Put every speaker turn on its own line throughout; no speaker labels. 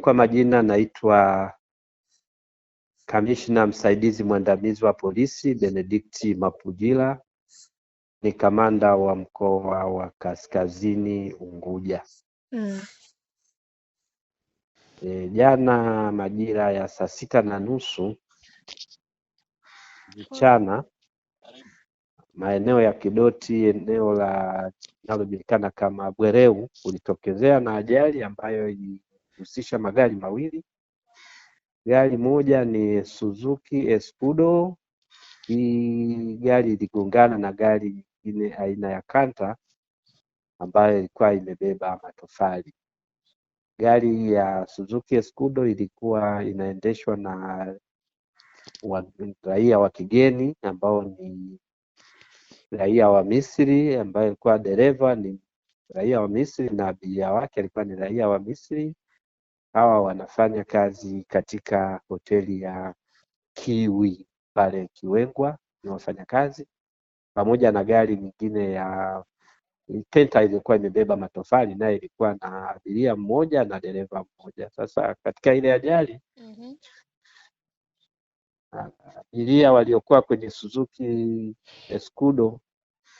kwa majina naitwa Kamishna Msaidizi Mwandamizi wa Polisi Benedikti Mapujila, ni kamanda wa mkoa wa Kaskazini Unguja. Mm. E, jana majira ya saa sita na nusu mchana maeneo ya Kidoti, eneo la linalojulikana kama Bwereu, kulitokezea na ajali ambayo ikihusisha magari mawili. Gari moja ni Suzuki Escudo, hii gari iligongana na gari nyingine aina ya Kanta ambayo ilikuwa imebeba matofali. Gari ya Suzuki Escudo ilikuwa inaendeshwa na wa, raia wa kigeni ambao ni raia wa Misri ambaye alikuwa dereva ni raia wa Misri na abiria wake alikuwa ni raia wa Misri Hawa wanafanya kazi katika hoteli ya Kiwi pale Kiwengwa, ni wafanyakazi pamoja na gari nyingine ya tenta iliyokuwa imebeba matofali, naye ilikuwa na abiria mmoja na dereva mmoja. Sasa katika ile ajali mm -hmm. abiria waliokuwa kwenye Suzuki Escudo,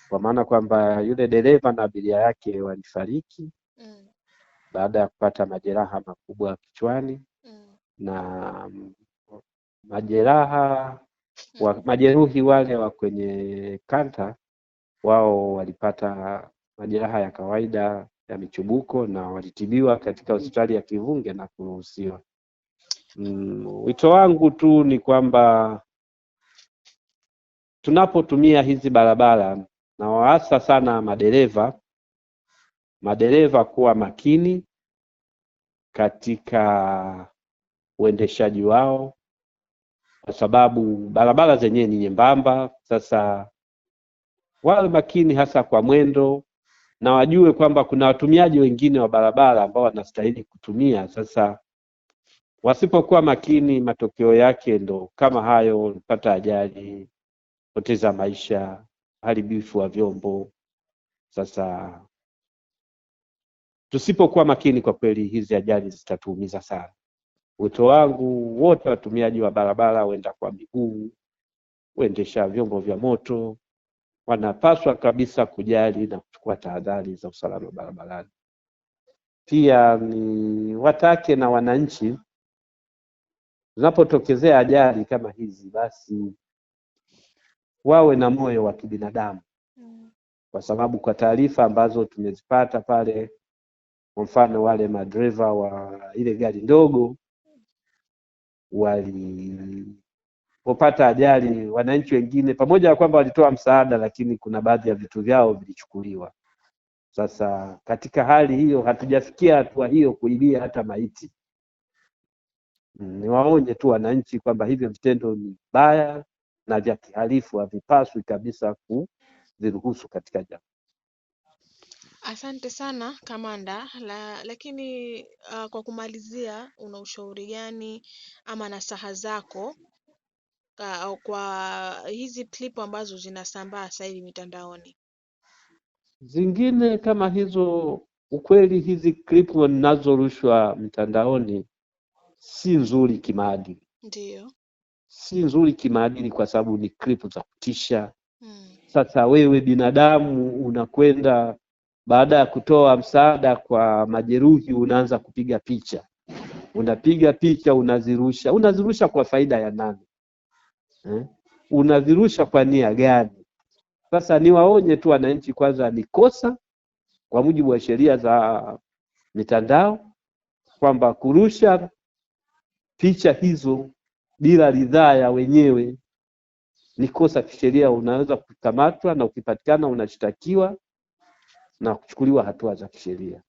kwa maana kwamba yule dereva na abiria yake walifariki baada ya kupata majeraha makubwa kichwani mm. na mm, majeraha mm. wa, majeruhi wale wa kwenye kanta wao walipata majeraha ya kawaida ya michubuko na walitibiwa katika mm. hospitali ya Kivunge na kuruhusiwa. Mm, wito wangu tu ni kwamba tunapotumia hizi barabara na waasa sana madereva madereva kuwa makini katika uendeshaji wao, kwa sababu barabara zenyewe ni nyembamba. Sasa wawe makini hasa kwa mwendo, na wajue kwamba kuna watumiaji wengine wa barabara ambao wanastahili kutumia. Sasa wasipokuwa makini, matokeo yake ndo kama hayo, kupata ajali, poteza maisha, haribifu wa vyombo. Sasa Tusipokuwa makini, kwa kweli hizi ajali zitatuumiza sana. Wito wangu wote watumiaji wa barabara, waenda kwa miguu, waendesha vyombo vya moto, wanapaswa kabisa kujali na kuchukua tahadhari za usalama barabarani. Pia ni watake na wananchi, zinapotokezea ajali kama hizi, basi wawe na moyo wa kibinadamu, mm. kwa sababu kwa taarifa ambazo tumezipata pale kwa mfano wale madereva wa ile gari ndogo walipopata ajali, wananchi wengine pamoja na kwamba walitoa msaada, lakini kuna baadhi ya vitu vyao vilichukuliwa. Sasa katika hali hiyo, hatujafikia hatua hiyo kuibia hata maiti. Mm, niwaonye tu wananchi kwamba hivyo vitendo ni baya na vya kihalifu, havipaswi kabisa kuviruhusu katika jamii.
Asante sana kamanda la, lakini uh, kwa kumalizia una ushauri gani ama nasaha zako uh, kwa hizi clip ambazo zinasambaa sasa hivi mitandaoni?
Zingine kama hizo, ukweli hizi clip ninazorushwa mtandaoni si nzuri kimaadili. ndio Si nzuri kimaadili kwa sababu ni clip za kutisha. Hmm. Sasa wewe binadamu unakwenda baada ya kutoa msaada kwa majeruhi, unaanza kupiga picha, unapiga picha, unazirusha. Unazirusha kwa faida ya nani eh? Unazirusha kwa nia gani? Sasa niwaonye tu wananchi, kwanza ni kosa kwa mujibu wa sheria za mitandao kwamba kurusha picha hizo bila ridhaa ya wenyewe ni kosa kisheria, unaweza kukamatwa na ukipatikana unashtakiwa na kuchukuliwa hatua za kisheria.